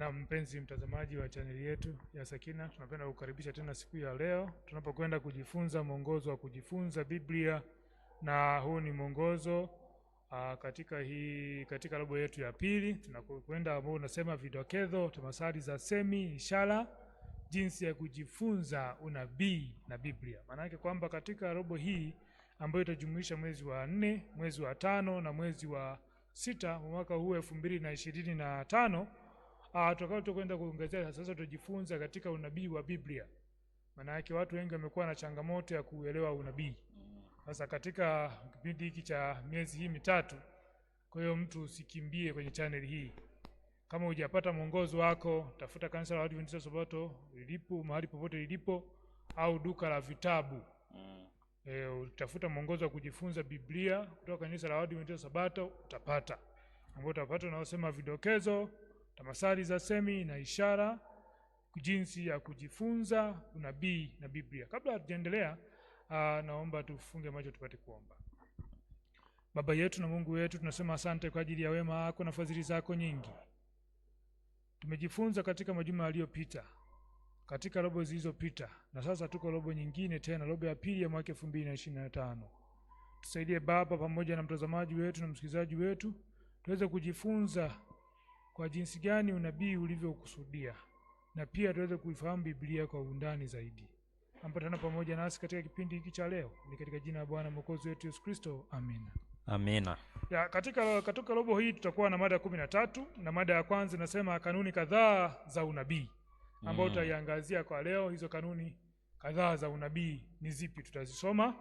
Na mpenzi mtazamaji wa chaneli yetu ya Sakina, tunapenda kukaribisha tena siku ya leo tunapokwenda kujifunza mwongozo wa kujifunza Biblia, na huu ni mwongozo ah, katika hii katika robo yetu ya pili tunakwenda ambao unasema vidokezo, tamathali za semi, ishara, jinsi ya kujifunza unabii na Biblia. Maana yake kwamba katika robo hii ambayo itajumuisha mwezi wa nne, mwezi wa tano na mwezi wa sita mwaka huu elfu mbili na ishirini na tano uh, ah, tutakao tukwenda kuongezea sasa, tujifunza katika unabii wa Biblia. Maana yake watu wengi wamekuwa na changamoto ya kuelewa unabii. Sasa katika kipindi hiki cha miezi hii mitatu, kwa hiyo mtu usikimbie kwenye chaneli hii. Kama hujapata mwongozo wako, tafuta kanisa la Waadventista Sabato lilipo mahali popote lilipo, au duka la vitabu mm. E, utafuta mwongozo wa kujifunza Biblia kutoka kanisa la Waadventista Sabato utapata, ambao utapata unaosema vidokezo tamasali za semi na ishara, jinsi ya kujifunza unabii na Biblia. Kabla hatujaendelea, ah, naomba tufunge macho tupate kuomba. Baba yetu na Mungu wetu, tunasema asante kwa ajili ya wema wako na fadhili zako nyingi. Tumejifunza katika majuma yaliyopita, katika robo zilizopita, na sasa tuko robo nyingine tena, robo ya pili ya mwaka elfu mbili na ishirini na tano. Tusaidie Baba, pamoja na mtazamaji wetu na msikilizaji wetu tuweze kujifunza kwa jinsi gani unabii ulivyokusudia na pia tuweze kuifahamu Biblia kwa undani zaidi. Ambatana pamoja nasi katika kipindi hiki cha leo, ni katika jina la Bwana Mwokozi wetu Yesu Kristo, amina. Amina. Ya, katika, katika robo hii tutakuwa na mada kumi na tatu na mada ya kwanza inasema kanuni kadhaa za unabii ambayo mm, tutaiangazia kwa leo. Hizo kanuni kadhaa za unabii ni zipi? Tutazisoma,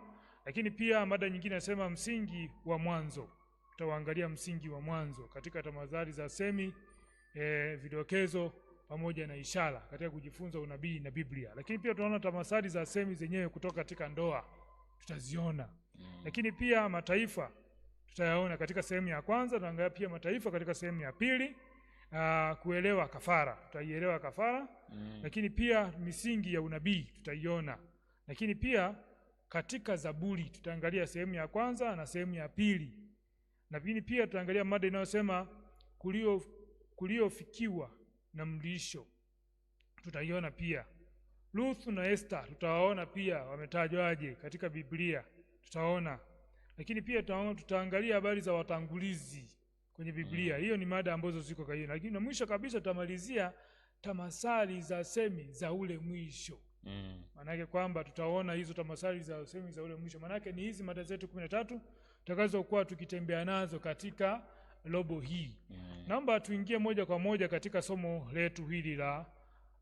lakini pia mada nyingine inasema msingi wa mwanzo. Tutaangalia msingi wa mwanzo katika tamadhari za semi e, vidokezo pamoja na ishara katika kujifunza unabii na Biblia. Lakini pia tunaona tamasadi za semi zenyewe kutoka katika ndoa tutaziona, mm. lakini pia mataifa tutayaona katika sehemu ya kwanza. Tutaangalia pia mataifa katika sehemu ya pili. Uh, kuelewa kafara tutaielewa kafara mm. Lakini pia misingi ya unabii tutaiona, lakini pia katika Zaburi tutaangalia sehemu ya kwanza na sehemu ya pili, lakini pia tutaangalia mada inayosema kulio kuliofikiwa na mlisho, tutaiona pia. ruth na Esta tutawaona pia wametajwaje katika Biblia, tutaona lakini pia tutaangalia habari za watangulizi kwenye Biblia. Mm. Hiyo ni mada ambazo ziko kwa hiyo, lakini na mwisho kabisa tutamalizia tamasali za semi za ule mwisho. Mm. kwamba tutaona hizo tamasali za semi za ule mwisho, maanake ni hizi mada zetu kumi na tatu tutakazokuwa tukitembea nazo katika robo hii mm. Naomba tuingie moja kwa moja katika somo letu hili la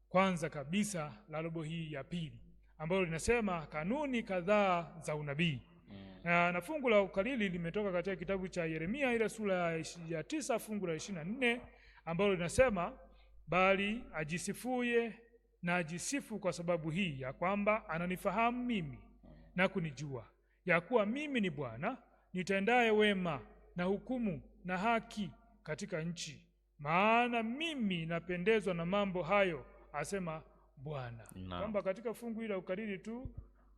kwanza kabisa la robo hii ya pili ambalo linasema kanuni kadhaa za unabii mm. Na, na fungu la ukalili limetoka katika kitabu cha Yeremia ile sura ya tisa fungu la ishirini nne ambalo linasema bali ajisifuye na ajisifu kwa sababu hii ya kwamba ananifahamu mimi na kunijua ya kuwa mimi ni Bwana nitendaye wema na hukumu na haki katika nchi, maana mimi napendezwa na mambo hayo, asema Bwana. Kwamba katika fungu hili la ukariri tu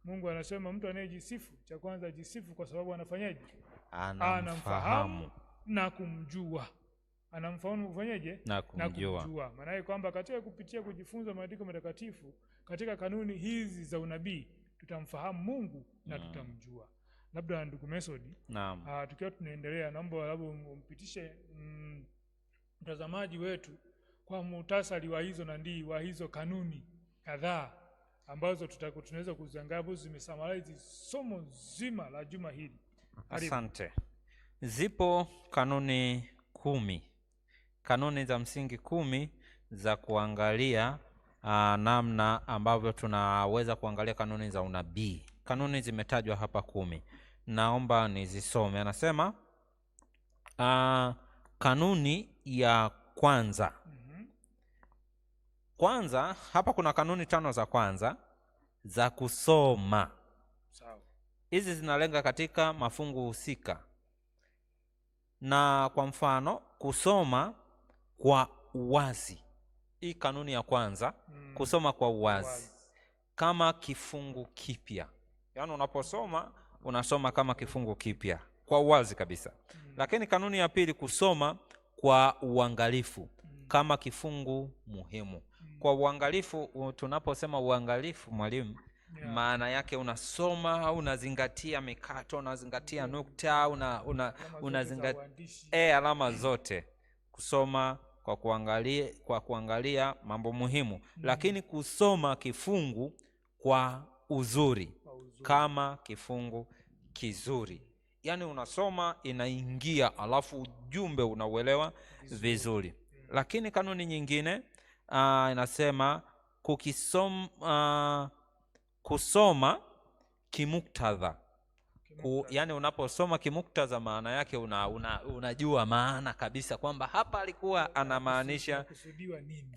Mungu anasema mtu anayejisifu, cha kwanza ajisifu kwa sababu anafanyaje? Anamfahamu na kumjua. Anamfahamu kufanyaje? Na kumjua. Maana yake kwamba katika kupitia kujifunza maandiko matakatifu katika kanuni hizi za unabii tutamfahamu Mungu na no. tutamjua labda ndugu Mesodi. Naam. Ah, tukiwa tunaendelea, naomba labda um, umpitishe mm, mtazamaji wetu kwa muhtasari wa hizo nandii wa hizo kanuni kadhaa ambazo tunaweza kuzangabu zimesamalaizi somo zima la juma hili. Asante. Zipo kanuni kumi, kanuni za msingi kumi za kuangalia uh, namna ambavyo tunaweza kuangalia kanuni za unabii. Kanuni zimetajwa hapa kumi naomba nizisome. Anasema uh, kanuni ya kwanza mhm. kwanza hapa kuna kanuni tano za kwanza za kusoma. Hizi zinalenga katika mafungu husika, na kwa mfano kusoma kwa uwazi. Hii kanuni ya kwanza mm. kusoma kwa uwazi, kama kifungu kipya, yaani unaposoma unasoma kama kifungu kipya kwa uwazi kabisa mm. Lakini kanuni ya pili, kusoma kwa uangalifu mm. kama kifungu muhimu mm. Kwa uangalifu, tunaposema uangalifu, mwalimu yeah. Maana yake unasoma, unazingatia mikato, unazingatia mm. nukta, una, una, unazingatia e, alama zote kusoma kwa kuangalia, kwa kuangalia mambo muhimu mm. Lakini kusoma kifungu kwa uzuri kama kifungu kizuri. Yaani unasoma inaingia, alafu ujumbe unauelewa vizuri. Lakini kanuni nyingine uh, inasema kukisoma, uh, kusoma kimuktadha Ku, yani unaposoma kimuktadha maana yake una, una, unajua maana kabisa kwamba hapa alikuwa anamaanisha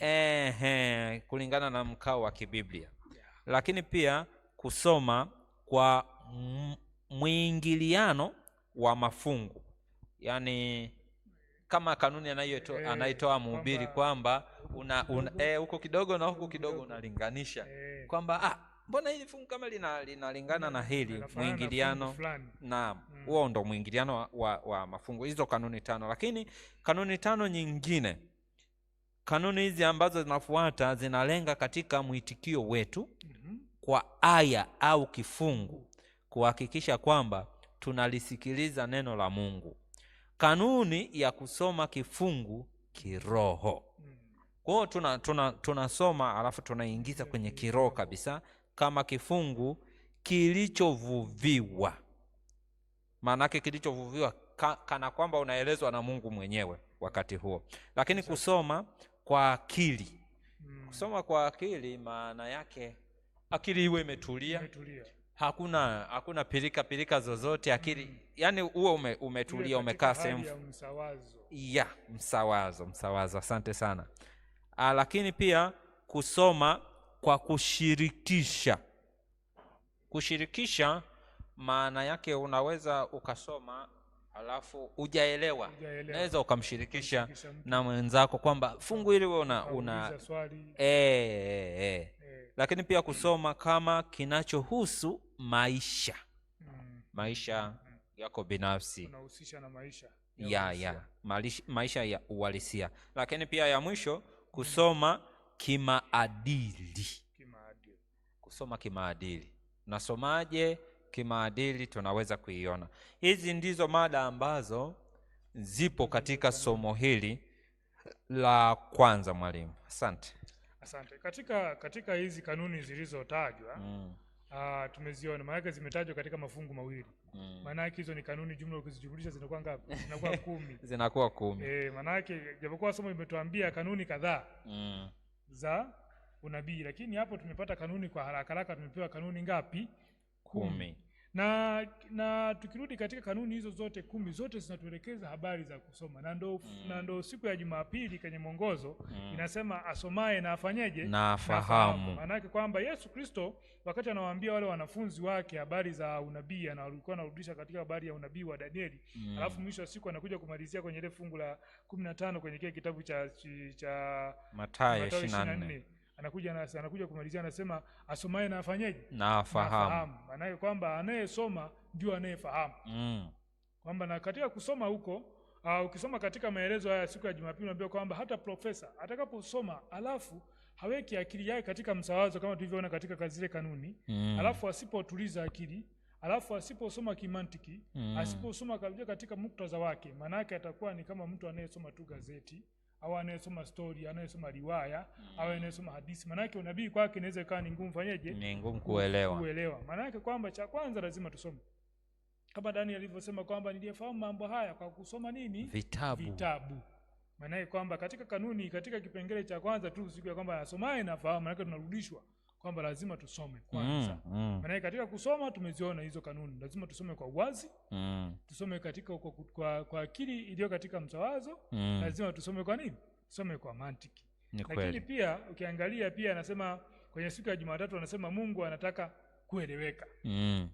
eh, eh, kulingana na mkao wa Kibiblia yeah. Lakini pia kusoma kwa mwingiliano wa mafungu yaani kama kanuni eh, anaitoa mhubiri kwamba una, una, e, huku kidogo na huku kidogo unalinganisha eh. kwamba ah, mbona hili fungu kama linalingana lina na hili mwingiliano. Naam, mm. huo ndo mwingiliano wa, wa, wa mafungu, hizo kanuni tano. Lakini kanuni tano nyingine, kanuni hizi ambazo zinafuata zinalenga katika mwitikio wetu kwa aya au kifungu kuhakikisha kwamba tunalisikiliza neno la Mungu. Kanuni ya kusoma kifungu kiroho. Kwa hiyo tuna, tuna, tunasoma alafu tunaingiza kwenye kiroho kabisa kama kifungu kilichovuviwa. Maanake kilichovuviwa ka, kana kwamba unaelezwa na Mungu mwenyewe wakati huo. Lakini kusoma kwa akili, hmm. kusoma kwa akili maana yake akili iwe imetulia, Hakuna hakuna pilika pilika zozote akili mm. Yani uwe ume, umetulia umekaa sehemu msawazo. msawazo msawazo, asante sana A, ah, lakini pia kusoma kwa kushirikisha. Kushirikisha maana yake unaweza ukasoma alafu ujaelewa, naweza ukamshirikisha na mwenzako kwamba fungu hili una, una, una, una e, e, e lakini pia kusoma kama kinachohusu maisha mm. maisha mm. yako binafsi unahusisha na maisha ya, ya, ya. Malish, maisha ya uhalisia, lakini pia ya mwisho kusoma kimaadili. kusoma kimaadili, nasomaje kimaadili, tunaweza kuiona. Hizi ndizo mada ambazo zipo katika somo hili la kwanza. Mwalimu, asante. Asante. Katika katika hizi kanuni zilizotajwa mm. Uh, tumeziona maanake zimetajwa katika mafungu mawili mm. hizo ni kanuni jumla, ukizijumlisha zinakuwa ngapi? Zinakuwa kumi zinakuwa kumi. E, maanake japokuwa somo limetuambia kanuni kadhaa mm. za unabii, lakini hapo tumepata kanuni kwa haraka haraka, tumepewa kanuni ngapi? Kumi na na tukirudi katika kanuni hizo zote kumi, zote zinatuelekeza habari za kusoma na ndo, mm. na ndo siku ya Jumapili kwenye mwongozo mm. inasema asomaye na afanyeje na afahamu. Maanake kwamba Yesu Kristo wakati anawaambia wale wanafunzi wake habari za unabii, na alikuwa anarudisha katika habari ya unabii wa Danieli mm. alafu mwisho wa siku anakuja kumalizia kwenye ile fungu la kumi na tano kwenye kile kitabu cha, cha Mathayo nne anakuja na, anakuja kumalizia anasema asomaye na afanyeje? Na afahamu. Maana kwamba anayesoma ndio anayefahamu. Mm. Kwamba na katika kusoma huko uh, ukisoma katika maelezo haya siku ya Jumapili unaambiwa kwamba hata profesa atakaposoma alafu haweki akili yake katika msawazo kama tulivyoona katika kazi zile kanuni mm. alafu asipotuliza akili alafu asiposoma kimantiki mm. asiposoma katika muktadha wake, maana yake atakuwa ni kama mtu anayesoma tu gazeti au anayesoma stori, anayesoma riwaya mm. au anayesoma hadithi, maanake unabii kwake inaweza ikawa ni ngumu fanyeje, ni ngumu kuelewa kuelewa. Maanake kwamba cha kwanza lazima tusome kama Daniel alivyosema kwamba niliyefahamu mambo haya kwa kusoma nini, vitabu, vitabu. Maanake kwamba katika kanuni, katika kipengele cha kwanza tu siku ya kwamba asomaye nafahamu, manake tunarudishwa kwamba lazima tusome mm, kwanza. mm, mm. Maanake katika kusoma tumeziona hizo kanuni, lazima tusome kwa uwazi mm. tusome katika kwa, kwa, kwa akili iliyo katika mtawazo mm. lazima tusome kwa nini? Tusome kwa mantiki. Lakini pia ukiangalia pia anasema kwenye siku ya Jumatatu anasema Mungu anataka kueleweka mm.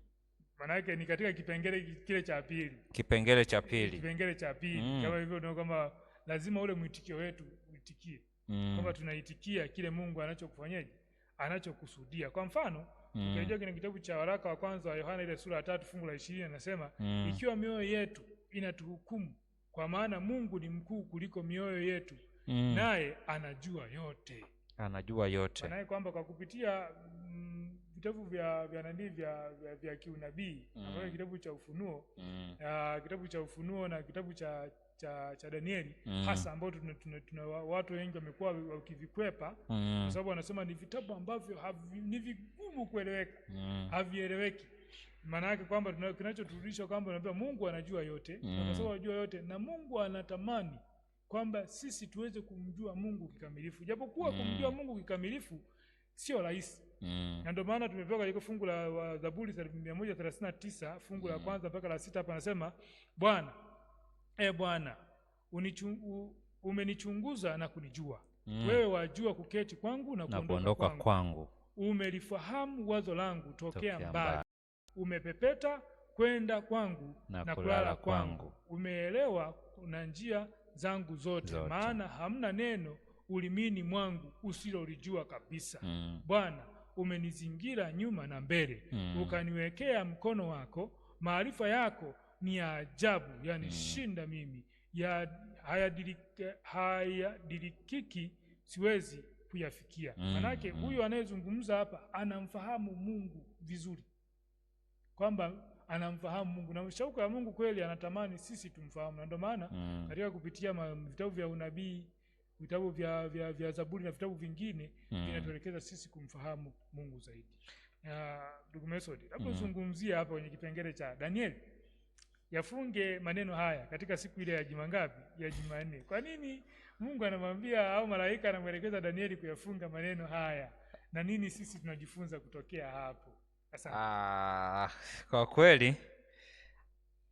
Maanake ni katika kipengele kile cha pili, kipengele cha pili, kipengele cha pili mm. kama hivyo ndio kwamba lazima ule mwitikio wetu uitikie mm. kwamba tunaitikia kile Mungu anachokufanyaje anachokusudia. Kwa mfano mm. kwenye kitabu cha waraka wa kwanza wa Yohana ile sura ya tatu fungu la ishirini anasema mm. ikiwa mioyo yetu inatuhukumu, kwa maana Mungu ni mkuu kuliko mioyo yetu mm. naye anajua yote, anajua yote, naye kwamba kwa kupitia mm, vitabu vya vya nani vya vya, vya kiunabii mm. ambayo kitabu cha Ufunuo mm. uh, kitabu cha Ufunuo na kitabu cha cha, cha Danieli mm. hasa ambao tuna, tuna, tuna watu wengi wamekuwa wakivikwepa mm. kwa sababu wanasema ni vitabu ambavyo ni vigumu kueleweka mm. havieleweki maana yake kwamba kinachoturudisha kwamba unaambia Mungu anajua yote mm. kwa sababu anajua yote na Mungu anatamani kwamba sisi tuweze kumjua Mungu kikamilifu, japokuwa mm. kumjua Mungu kikamilifu sio rahisi Mm. Na ndio maana tumepewa katika fungu la Zaburi mia moja thelathini na tisa fungu mm. la kwanza mpaka la sita hapa anasema Bwana, e Bwana, umenichunguza na kunijua. Mm. Wewe wajua kuketi kwangu na kuondoka kwangu. Kwangu umelifahamu wazo langu tokea, tokea mbali. Umepepeta kwenda kwangu na, na kulala kwangu, kwangu. Umeelewa na njia zangu zote, zote. Maana hamna neno ulimini mwangu usilolijua kabisa. Mm. Bwana umenizingira nyuma na mbele mm. ukaniwekea mkono wako, maarifa yako ni ya ajabu, yanishinda mm. mimi ya, hayadirikiki, siwezi kuyafikia. Mm, Manake mm. huyu anayezungumza hapa anamfahamu Mungu vizuri, kwamba anamfahamu Mungu na shauku ya Mungu kweli, anatamani sisi tumfahamu, na ndio maana mm. katika kupitia vitabu vya unabii vitabu vya, vya, vya Zaburi na vitabu vingine mm. vinatuelekeza sisi kumfahamu Mungu zaidi. Ndugu Mesodi, hmm. hapa kwenye kipengele cha daniel yafunge maneno haya katika siku ile ya juma ngapi? Ya Jumanne. Kwa nini Mungu anamwambia au malaika anamwelekeza Danieli kuyafunga maneno haya, na nini sisi tunajifunza kutokea hapo? Asante. Ah, kwa kweli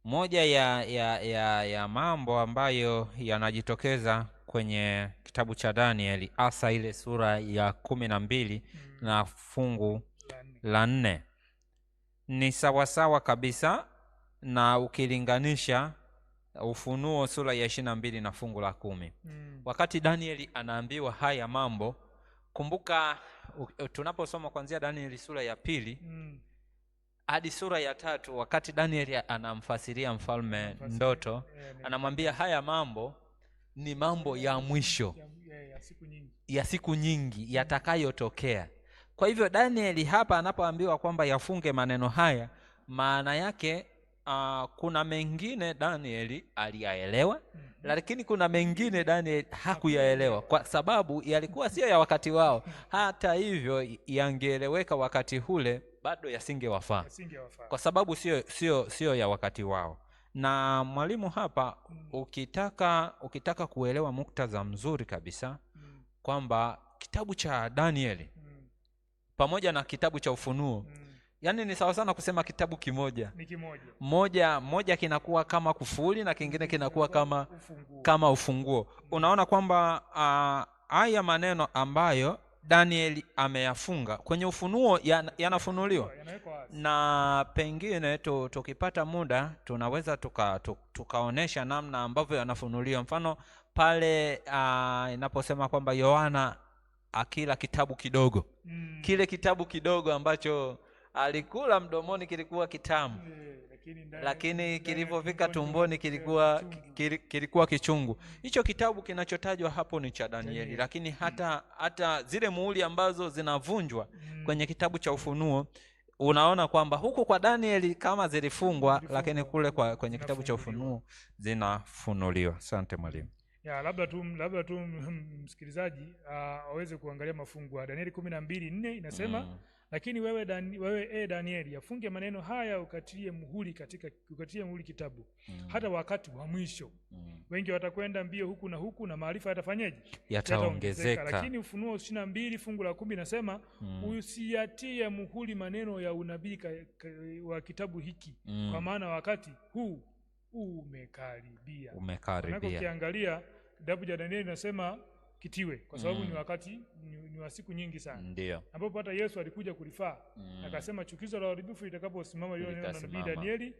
moja ya, ya, ya, ya mambo ambayo yanajitokeza kwenye kitabu cha Danieli hasa ile sura ya kumi na mbili mm. na fungu la nne ni sawasawa kabisa na ukilinganisha Ufunuo sura ya ishiri na mbili na fungu la kumi mm. Wakati Danieli anaambiwa haya mambo, kumbuka tunaposoma kuanzia Danieli sura ya pili mm hadi sura ya tatu wakati Danieli anamfasiria mfalme Mfasiri, ndoto eh, anamwambia haya mambo ni mambo ya mwisho ya, siku nyingi, ya siku nyingi mm. yatakayotokea. Kwa hivyo Danieli hapa anapoambiwa kwamba yafunge maneno haya, maana yake uh, kuna mengine Danieli aliyaelewa mm -hmm. Lakini kuna mengine Danieli hakuyaelewa kwa sababu yalikuwa sio ya wakati wao. Hata hivyo yangeeleweka wakati hule, bado yasingewafaa kwa sababu sio sio sio ya wakati wao. Na mwalimu hapa, mm. ukitaka ukitaka kuelewa muktadha mzuri kabisa mm. kwamba kitabu cha Danieli mm. pamoja na kitabu cha Ufunuo mm yaani ni sawa sana kusema kitabu kimoja ni kimoja, moja moja kinakuwa kama kufuli na kingine kinakuwa kama ufunguo, kama ufunguo. Unaona kwamba haya uh, maneno ambayo Danieli ameyafunga kwenye Ufunuo yan, yanafunuliwa na pengine tu, tukipata muda tunaweza tuka, namna ambavyo yanafunuliwa, mfano pale uh, inaposema kwamba Yohana akila kitabu kidogo mm. Kile kitabu kidogo ambacho alikula mdomoni kilikuwa kitamu eh, lakini kilivyofika tumboni kilikuwa kilikuwa kichungu. Hicho kitabu kinachotajwa hapo ni cha Danieli, lakini hmm. hata hata zile muuli ambazo zinavunjwa hmm. kwenye kitabu cha Ufunuo unaona kwamba huku kwa Danieli kama zilifungwa, lakini kule kwa kwenye kitabu cha Ufunuo zinafunuliwa. Asante mwalimu. Ya, labda tu labda tu msikilizaji ah, aweze kuangalia mafungu ya Danieli kumi na mbili nne inasema mm. Lakini wewe, Dan, wewe e Danieli, yafunge maneno haya ukatilie muhuri katika, ukatilie muhuri kitabu mm. hata wakati wa mwisho mm. wengi watakwenda mbio huku na huku na maarifa yatafanyeje? Yataongezeka. Lakini Ufunuo ishirini mbili fungu la kumi nasema mm. usiyatie muhuri maneno ya unabii wa kitabu hiki mm. kwa maana wakati huu umekaribia. Umekaribia. Ukiangalia kitabu cha Danieli nasema kitiwe kwa sababu mm. ni wakati ni, ni wa siku nyingi sana ndio ambapo hata Yesu alikuja kulifaa mm. akasema chukizo la uharibifu litakaposimama lile neno la nabii Danieli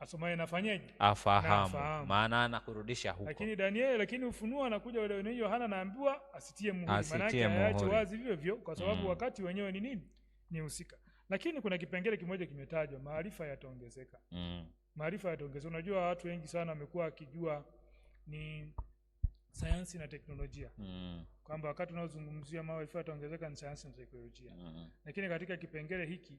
asomaye nafanyaje afahamu na maana anakurudisha huko lakini Danieli lakini ufunuo anakuja wale wenyewe Yohana anaambiwa asitie muhuri maana yake wazi vivyo hivyo kwa sababu mm. wakati wenyewe ni nini ni husika lakini kuna kipengele kimoja kimetajwa maarifa yataongezeka mm. maarifa yataongezeka unajua watu wengi sana wamekuwa akijua ni sayansi na teknolojia mm. kwamba wakati unaozungumzia maarifa yataongezeka ni sayansi na teknolojia mm. lakini katika kipengele hiki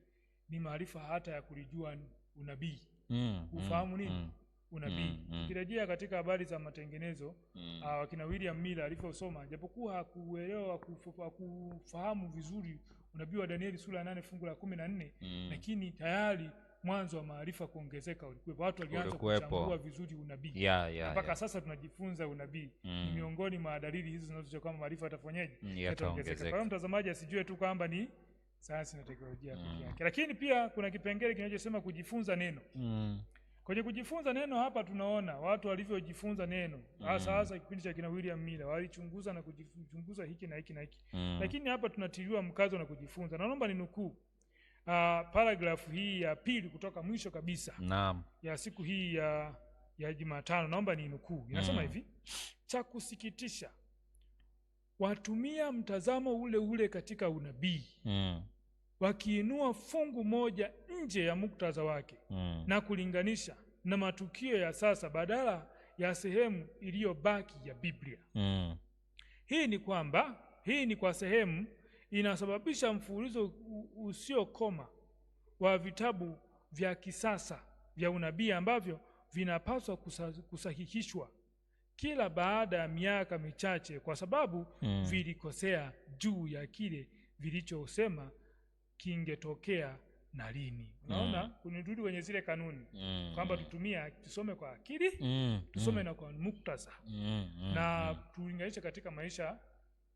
ni maarifa hata ya kulijua unabii mm. ufahamu mm, nini mm. unabii mm. mm. kirejea katika habari za matengenezo mm. uh, wakina William Miller alivyosoma, japokuwa hakuelewa hakufahamu vizuri unabii wa Danieli sura ya nane fungu la kumi na nne mm. lakini tayari mwanzo wa maarifa kuongezeka ulikuwepo, watu walianza kuchambua vizuri unabii yeah, yeah, mpaka yeah. Sasa tunajifunza unabii mm. Ni miongoni mwa dalili hizi zinazoonyesha kwamba maarifa yatafanyaje? mm, Yataongezeka. Kwa mtazamaji asijue tu kwamba ni sayansi na teknolojia mm. yake, lakini pia kuna kipengele kinachosema kujifunza neno mm. Kwenye kujifunza neno hapa tunaona watu walivyojifunza neno hasa mm. hasa kipindi cha kina William Miller walichunguza na kujichunguza hiki na hiki na hiki mm. Lakini hapa tunatiliwa mkazo na kujifunza, naomba ni nukuu uh, ah, paragrafu hii ya pili kutoka mwisho kabisa naam, ya siku hii ya, ya Jumatano, naomba ni nukuu, inasema mm. hivi: cha kusikitisha watumia mtazamo ule ule katika unabii mm. wakiinua fungu moja nje ya muktadha wake mm. na kulinganisha na matukio ya sasa badala ya sehemu iliyobaki ya Biblia mm. hii ni kwamba hii ni kwa sehemu inasababisha mfululizo usiokoma wa vitabu vya kisasa vya unabii ambavyo vinapaswa kusahihishwa kila baada ya miaka michache kwa sababu mm. vilikosea juu ya kile vilichosema kingetokea na lini. Unaona, mm. kunidudi kwenye zile kanuni mm. kwamba tutumia tusome kwa akili mm. tusome mm. na kwa muktaza mm. Hmm. na hmm. tulinganishe katika maisha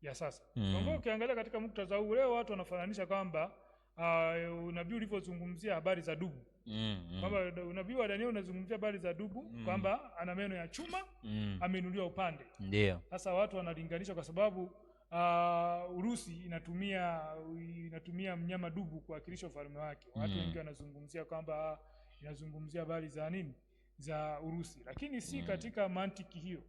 ya sasa mm. ukiangalia katika muktadha huu leo watu wanafananisha kwamba uh, unabii ulivyozungumzia habari za dubu mm, mm. Kwamba unabii wa Danieli unazungumzia habari za dubu mm. Kwamba ana meno ya chuma mm. Ameinuliwa upande ndio sasa watu wanalinganisha kwa sababu Uh, Urusi inatumia inatumia mnyama dubu kuwakilisha ufalme wake. Watu mm. wengi wanazungumzia kwamba inazungumzia habari za nini za Urusi, lakini si mm. katika mantiki hiyo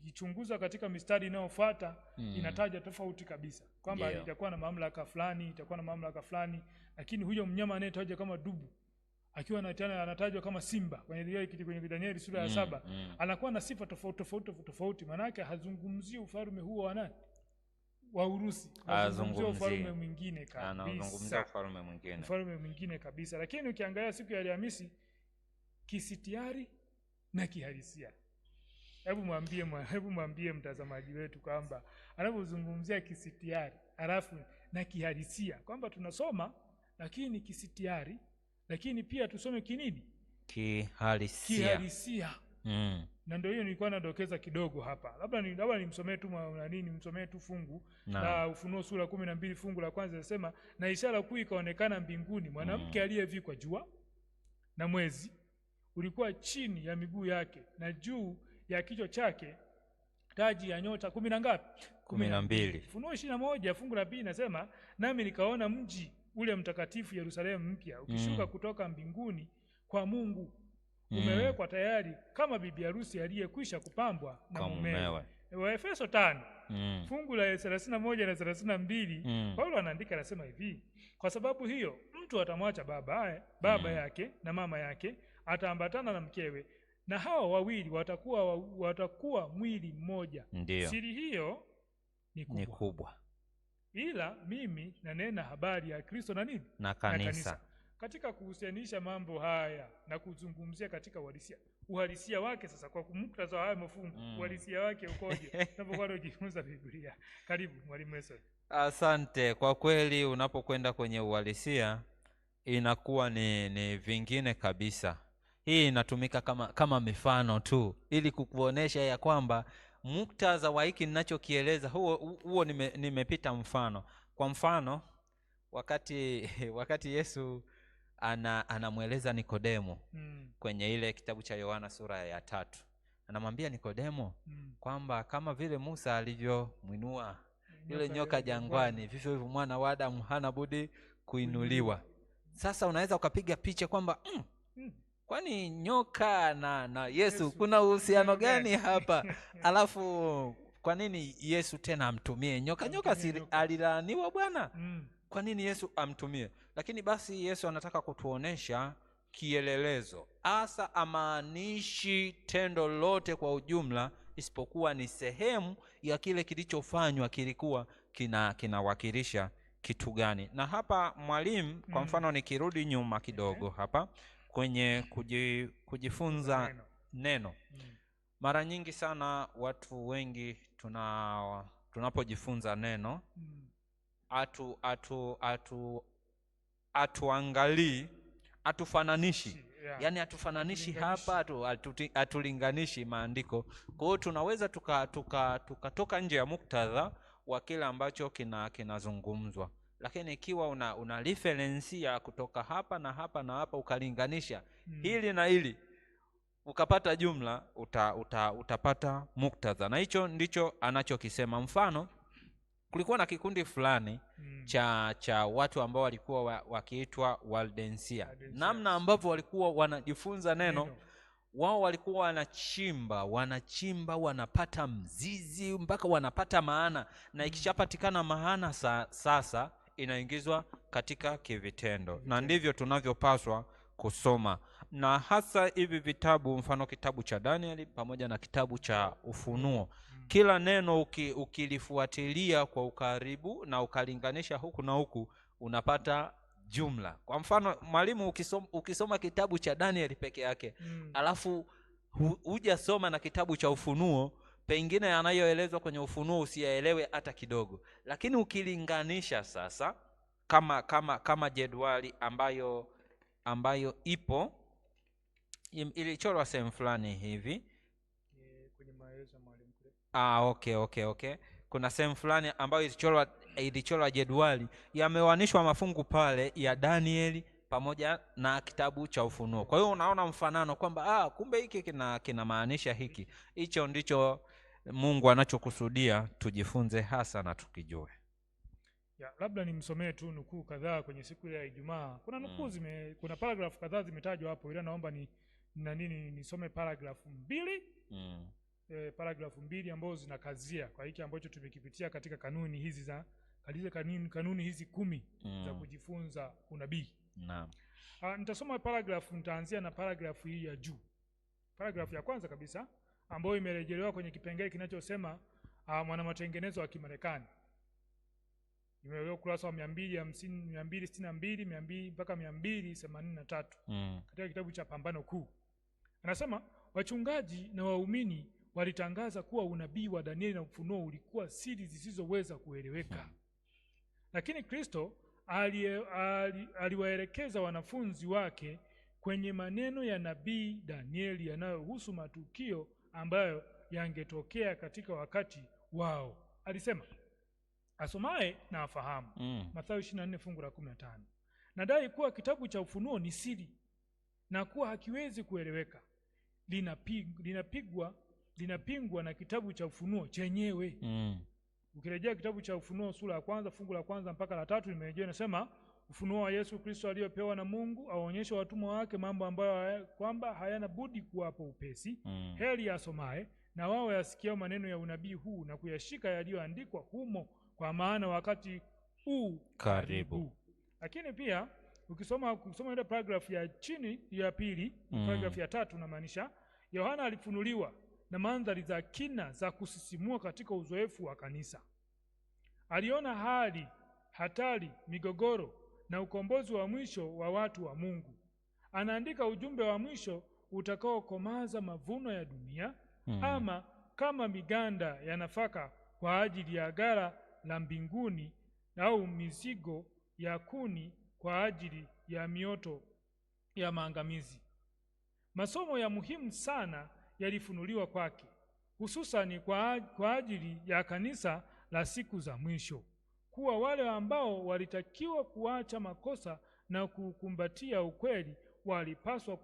ukichunguza katika mistari inayofuata mm. inataja tofauti kabisa kwamba yeah. itakuwa na mamlaka fulani, itakuwa na mamlaka fulani, lakini huyo mnyama anayetajwa kama dubu akiwa anatajwa kama simba kwenye kwenye Danieli sura ya mm. saba mm. anakuwa na sifa tofauti tofauti tofauti, maanake hazungumzii ufalme huo wa nani wa Urusi, anazungumzia ufalme mwingine kabisa, ufalme mwingine, ufalme mwingine kabisa. Lakini ukiangalia siku ya Alhamisi, kisitiari na kihalisia Hebu mwambie, hebu mwambie mtazamaji wetu kwamba anavyozungumzia kisitiari halafu na kiharisia kwamba tunasoma lakini kisitiari, lakini pia tusome kinini kiharisia Mm. Na ndio hiyo nilikuwa nadokeza kidogo hapa, labda ni labda nimsomee tu na nini, tu fungu no. Ufunuo sura kumi na mbili fungu la kwanza nasema na ishara kuu ikaonekana mbinguni, mwanamke mm. aliyevikwa jua na mwezi ulikuwa chini ya miguu yake na juu ya kichwa chake taji ya nyota kumi na ngapi? kumi na mbili. funuo ishiri na moja fungu la pili nasema, nami nikaona mji ule mtakatifu Yerusalemu mpya ukishuka mm. kutoka mbinguni kwa Mungu umewekwa mm. tayari kama bibi harusi aliyekwisha kupambwa na mumewe. Waefeso tano mm. fungu la thelathini na moja na thelathini na mbili mm. Paulo anaandika anasema hivi, kwa sababu hiyo mtu atamwacha baba, eh, baba mm. yake na mama yake, ataambatana na mkewe na hao wawili watakuwa, watakuwa mwili mmoja. Ndiyo. Siri hiyo ni kubwa, ni kubwa. Ila mimi nanena habari ya Kristo na nini na kanisa, na kanisa. Katika kuhusianisha mambo haya na kuzungumzia katika uhalisia uhalisia wake sasa, kwa muktadha haya mafungu mm. uhalisia wake ukoje unapokuwa unajifunza Biblia? Karibu mwalimu Eson. Asante. Kwa kweli unapokwenda kwenye uhalisia inakuwa ni, ni vingine kabisa hii inatumika kama, kama mifano tu ili kukuonesha ya kwamba muktadha wa hiki ninachokieleza huo, huo nime, nimepita mfano. Kwa mfano wakati wakati Yesu ana, anamweleza Nikodemo mm. kwenye ile kitabu cha Yohana sura ya tatu anamwambia Nikodemo mm. kwamba kama vile Musa alivyomwinua hmm. yule nyoka jangwani, vivyo hivyo mwana wa Adamu hana budi kuinuliwa. Hmm. Sasa unaweza ukapiga picha kwamba mm, hmm kwani nyoka na na Yesu kuna uhusiano gani hapa? Alafu kwa nini Yesu tena amtumie nyoka? Nyoka si alilaaniwa Bwana? Mm. Kwa nini Yesu amtumie? Lakini basi Yesu anataka kutuonesha kielelezo hasa, amaanishi tendo lote kwa ujumla, isipokuwa ni sehemu ya kile kilichofanywa kilikuwa kina kinawakilisha kitu gani. Na hapa mwalimu, kwa mm. mfano, nikirudi nyuma kidogo eh. hapa kwenye kujifunza neno. Mara nyingi sana watu wengi tuna tunapojifunza neno atu atu atu hatuangalii hatufananishi yeah. Yani hatufananishi hapa, hatulinganishi maandiko. Kwa hiyo tunaweza tukatoka tuka, tuka, tuka nje ya muktadha wa kile ambacho kinazungumzwa kina lakini ikiwa una, una reference ya kutoka hapa na hapa na hapa ukalinganisha hmm. hili na hili ukapata jumla uta, uta, utapata muktadha, na hicho ndicho anachokisema. Mfano, kulikuwa na kikundi fulani hmm. cha, cha watu ambao walikuwa wa, wakiitwa Waldensia, namna ambavyo walikuwa wanajifunza neno, neno wao walikuwa wanachimba wanachimba, wanapata mzizi mpaka wanapata maana, na hmm. ikishapatikana maana sa, sasa inaingizwa katika kivitendo, na ndivyo tunavyopaswa kusoma na hasa hivi vitabu, mfano kitabu cha Danieli pamoja na kitabu cha Ufunuo. Kila neno uki, ukilifuatilia kwa ukaribu na ukalinganisha huku na huku unapata jumla. Kwa mfano mwalimu, ukisoma, ukisoma kitabu cha Danieli peke yake mm. alafu hujasoma na kitabu cha Ufunuo pengine anayoelezwa kwenye Ufunuo usiyaelewe hata kidogo, lakini ukilinganisha sasa kama kama kama jedwali ambayo ambayo ipo ilichorwa sehemu fulani hivi Ah, okay, okay, okay. Kuna sehemu fulani ambayo ilichorwa ilichorwa jedwali, yamewanishwa mafungu pale ya Danieli pamoja na kitabu cha Ufunuo. Kwa hiyo unaona mfanano kwamba ah, kumbe hiki kina kinamaanisha hiki, hicho ndicho Mungu anachokusudia tujifunze hasa na tukijue. Ya, labda nimsomee tu nukuu kadhaa kwenye siku ile ya Ijumaa. Kuna nukuu mm. zime, kuna paragrafu kadhaa zimetajwa hapo, ila naomba ni nanini nisome paragrafu mbili mm. E, paragrafu mbili ambazo zinakazia kwa hiki ambacho tumekipitia katika kanuni hizi za katika kanuni, kanuni hizi kumi mm. za kujifunza unabii. Nitasoma paragrafu nitaanzia na paragrafu hii ya juu. paragrafu ya kwanza kabisa ambayo imerejelewa kwenye kipengele kinachosema uh, ah, mwana matengenezo wa Kimarekani. Imeelewa kurasa wa mia mbili hamsini mia mbili sitini na mbili mia mbili mpaka mia mbili themanini na tatu mm. katika kitabu cha Pambano Kuu anasema wachungaji na waumini walitangaza kuwa unabii wa Danieli na Ufunuo ulikuwa siri zisizoweza kueleweka, hmm. lakini Kristo aliwaelekeza ali, ali wanafunzi wake kwenye maneno ya nabii Danieli yanayohusu matukio ambayo yangetokea katika wakati wao. Alisema asomaye na afahamu. mm. Mathayo fungu la tano Nadai kuwa kitabu cha Ufunuo ni siri na kuwa hakiwezi kueleweka, linapigwa linapingwa na kitabu cha Ufunuo chenyewe. mm. Ukirejea kitabu cha Ufunuo sura ya kwanza fungu la kwanza mpaka la tatu limerejea inasema ufunuo wa Yesu Kristo aliyopewa na Mungu awaonyeshe watumwa wake mambo ambayo kwamba hayana budi kuwapo upesi mm. Heri asomaye na wao yasikiao maneno ya unabii huu na kuyashika yaliyoandikwa humo, kwa maana wakati huu karibu. Lakini pia ukisoma kusoma ile paragraph ya chini ya pili mm. paragraph ya tatu namaanisha Yohana alifunuliwa na mandhari za kina za kusisimua katika uzoefu wa kanisa. Aliona hali hatari, migogoro na ukombozi wa mwisho wa watu wa Mungu. Anaandika ujumbe wa mwisho utakaokomaza mavuno ya dunia mm. ama kama miganda ya nafaka kwa ajili ya gara la mbinguni au mizigo ya kuni kwa ajili ya mioto ya maangamizi. Masomo ya muhimu sana yalifunuliwa kwake, hususani kwa ajili ya kanisa la siku za mwisho kuwa wale ambao walitakiwa kuacha makosa na kukumbatia ukweli walipaswa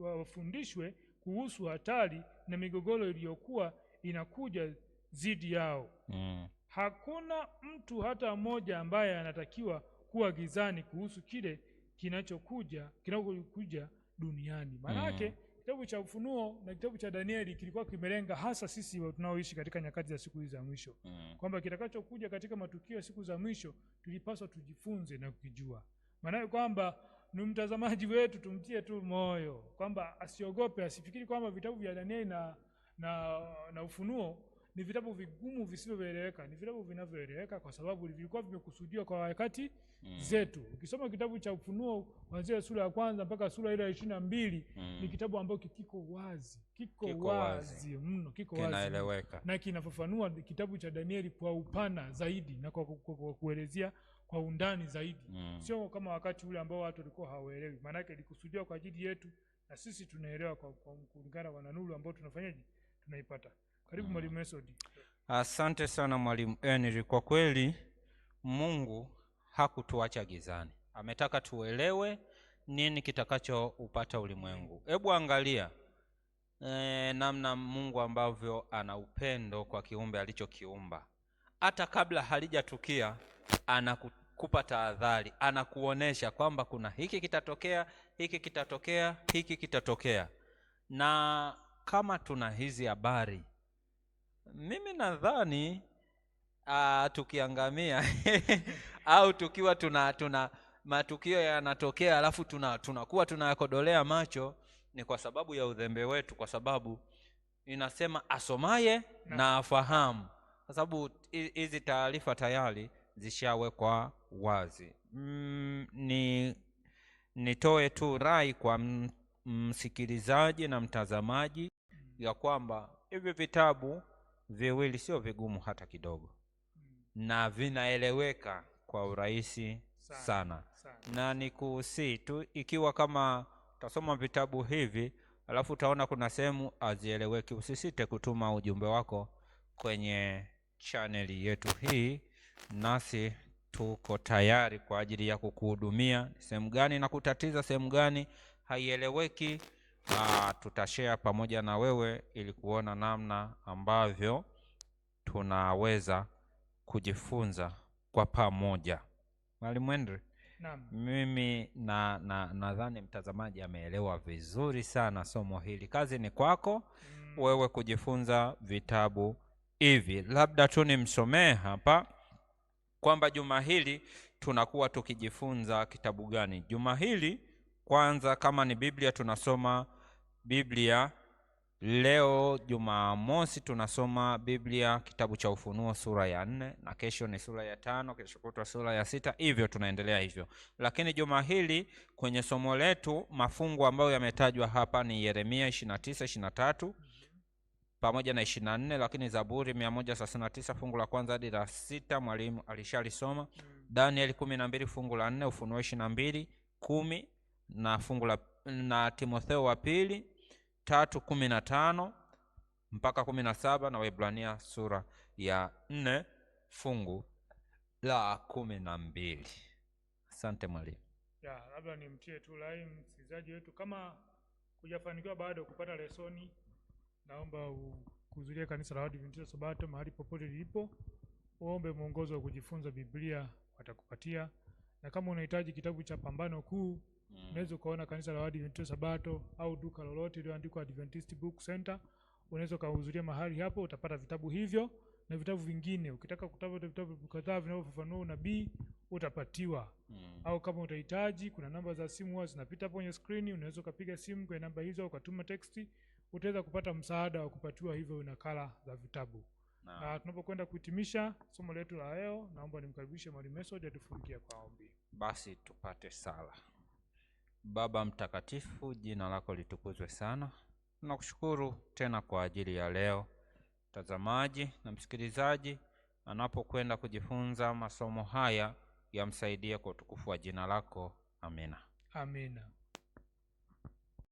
wafundishwe kuhusu hatari na migogoro iliyokuwa inakuja dhidi yao. Mm. Hakuna mtu hata mmoja ambaye anatakiwa kuwa gizani kuhusu kile kinachokuja kinachokuja duniani. Maana mm kitabu cha Ufunuo na kitabu cha Danieli kilikuwa kimelenga hasa sisi tunaoishi katika nyakati za siku hii za mwisho mm. kwamba kitakachokuja katika matukio ya siku za mwisho tulipaswa tujifunze na kukijua. Maanayo kwamba ni mtazamaji wetu tumtie tu moyo kwamba asiogope, asifikiri kwamba vitabu vya Danieli na, na, na Ufunuo ni vitabu vigumu visivyoeleweka, ni vitabu vinavyoeleweka kwa sababu vilikuwa vimekusudiwa kwa wakati mm. zetu. Ukisoma kitabu cha Ufunuo kuanzia sura ya kwanza mpaka sura ile ya ishirini na mbili mm. ni kitabu ambacho kiko wazi, kiko, kiko wazi mno, kiko wazi na kinafafanua kitabu cha Danieli kwa upana zaidi na kwa, kwa, kwa kuelezea kwa undani zaidi mm. sio kama wakati ule ambao watu walikuwa hawaelewi, maanake ilikusudiwa kwa ajili yetu na sisi tunaelewa kwa kulingana na ambao tunafanyaje tunaipata. Karibu mm. Mwalimu Esodi. Asante sana Mwalimu enri kwa kweli Mungu hakutuacha gizani, ametaka tuelewe nini kitakachoupata ulimwengu. Hebu angalia e, namna Mungu ambavyo ana upendo kwa kiumbe alichokiumba. Hata kabla halijatukia anakupa tahadhari, anakuonesha kwamba kuna hiki kitatokea, hiki kitatokea, hiki kitatokea. Na kama tuna hizi habari mimi nadhani uh, tukiangamia au tukiwa tuna, tuna matukio yanatokea alafu tuna, tunakuwa tunayakodolea macho ni kwa sababu ya udhembe wetu, kwa sababu inasema asomaye na afahamu, kwa sababu hizi taarifa tayari zishawekwa wazi. Mm, ni nitoe tu rai kwa msikilizaji na mtazamaji hmm. ya kwamba hivi vitabu viwili sio vigumu hata kidogo mm. na vinaeleweka kwa urahisi sana, sana. sana. na ni kuhusii tu ikiwa kama utasoma vitabu hivi alafu utaona kuna sehemu hazieleweki, usisite kutuma ujumbe wako kwenye chaneli yetu hii, nasi tuko tayari kwa ajili ya kukuhudumia. Sehemu gani na kutatiza, sehemu gani haieleweki na tutashare pamoja na wewe ili kuona namna ambavyo tunaweza kujifunza kwa pamoja. Mwalimu Endre, mimi na nadhani mtazamaji ameelewa vizuri sana somo hili. Kazi ni kwako mm, wewe kujifunza vitabu hivi. Labda tu nimsomee hapa kwamba juma hili tunakuwa tukijifunza kitabu gani juma hili kwanza kama ni Biblia tunasoma Biblia leo Jumamosi tunasoma Biblia kitabu cha Ufunuo sura ya nne na kesho ni sura ya tano, kesho kutwa sura ya sita, hivyo tunaendelea hivyo. Lakini juma hili kwenye somo letu mafungu ambayo yametajwa hapa ni Yeremia 29, 23 pamoja na 24, lakini Zaburi 139 fungu la kwanza hadi la sita mwalimu alishalisoma. Hmm. Danieli 12 fungu la 4, Ufunuo 22 kumi na fungu la na Timotheo wa pili tatu kumi na tano mpaka kumi na saba na Waebrania sura ya nne fungu la kumi na mbili. Asante mwalimu. Labda nimtie tu lai msikilizaji wetu, kama hujafanikiwa bado kupata lesoni, naomba kuzulia kanisa la Waadventista Sabato mahali popote lilipo, uombe mwongozo wa kujifunza Biblia, watakupatia na kama unahitaji kitabu cha Pambano Kuu Mm. unaweza ukaona kanisa la waadventista sabato au duka lolote iliyoandikwa adventist book center unaweza ukahudhuria mahali hapo utapata vitabu hivyo na vitabu vingine ukitaka kutafuta vitabu kadhaa vinavyofafanua unabii utapatiwa mm. au kama utahitaji kuna namba za simu huwa zinapita hapo kwenye skrini unaweza ukapiga simu kwenye namba hizo ukatuma teksti utaweza kupata msaada wa kupatiwa hivyo nakala za vitabu na, na tunapokwenda kuhitimisha somo letu la leo naomba nimkaribishe mwalimu mesod atufungie kwa ombi basi tupate sala Baba mtakatifu, jina lako litukuzwe sana. Tunakushukuru tena kwa ajili ya leo. Mtazamaji na msikilizaji anapokwenda kujifunza masomo haya, yamsaidie kwa utukufu wa jina lako. Amina, amina.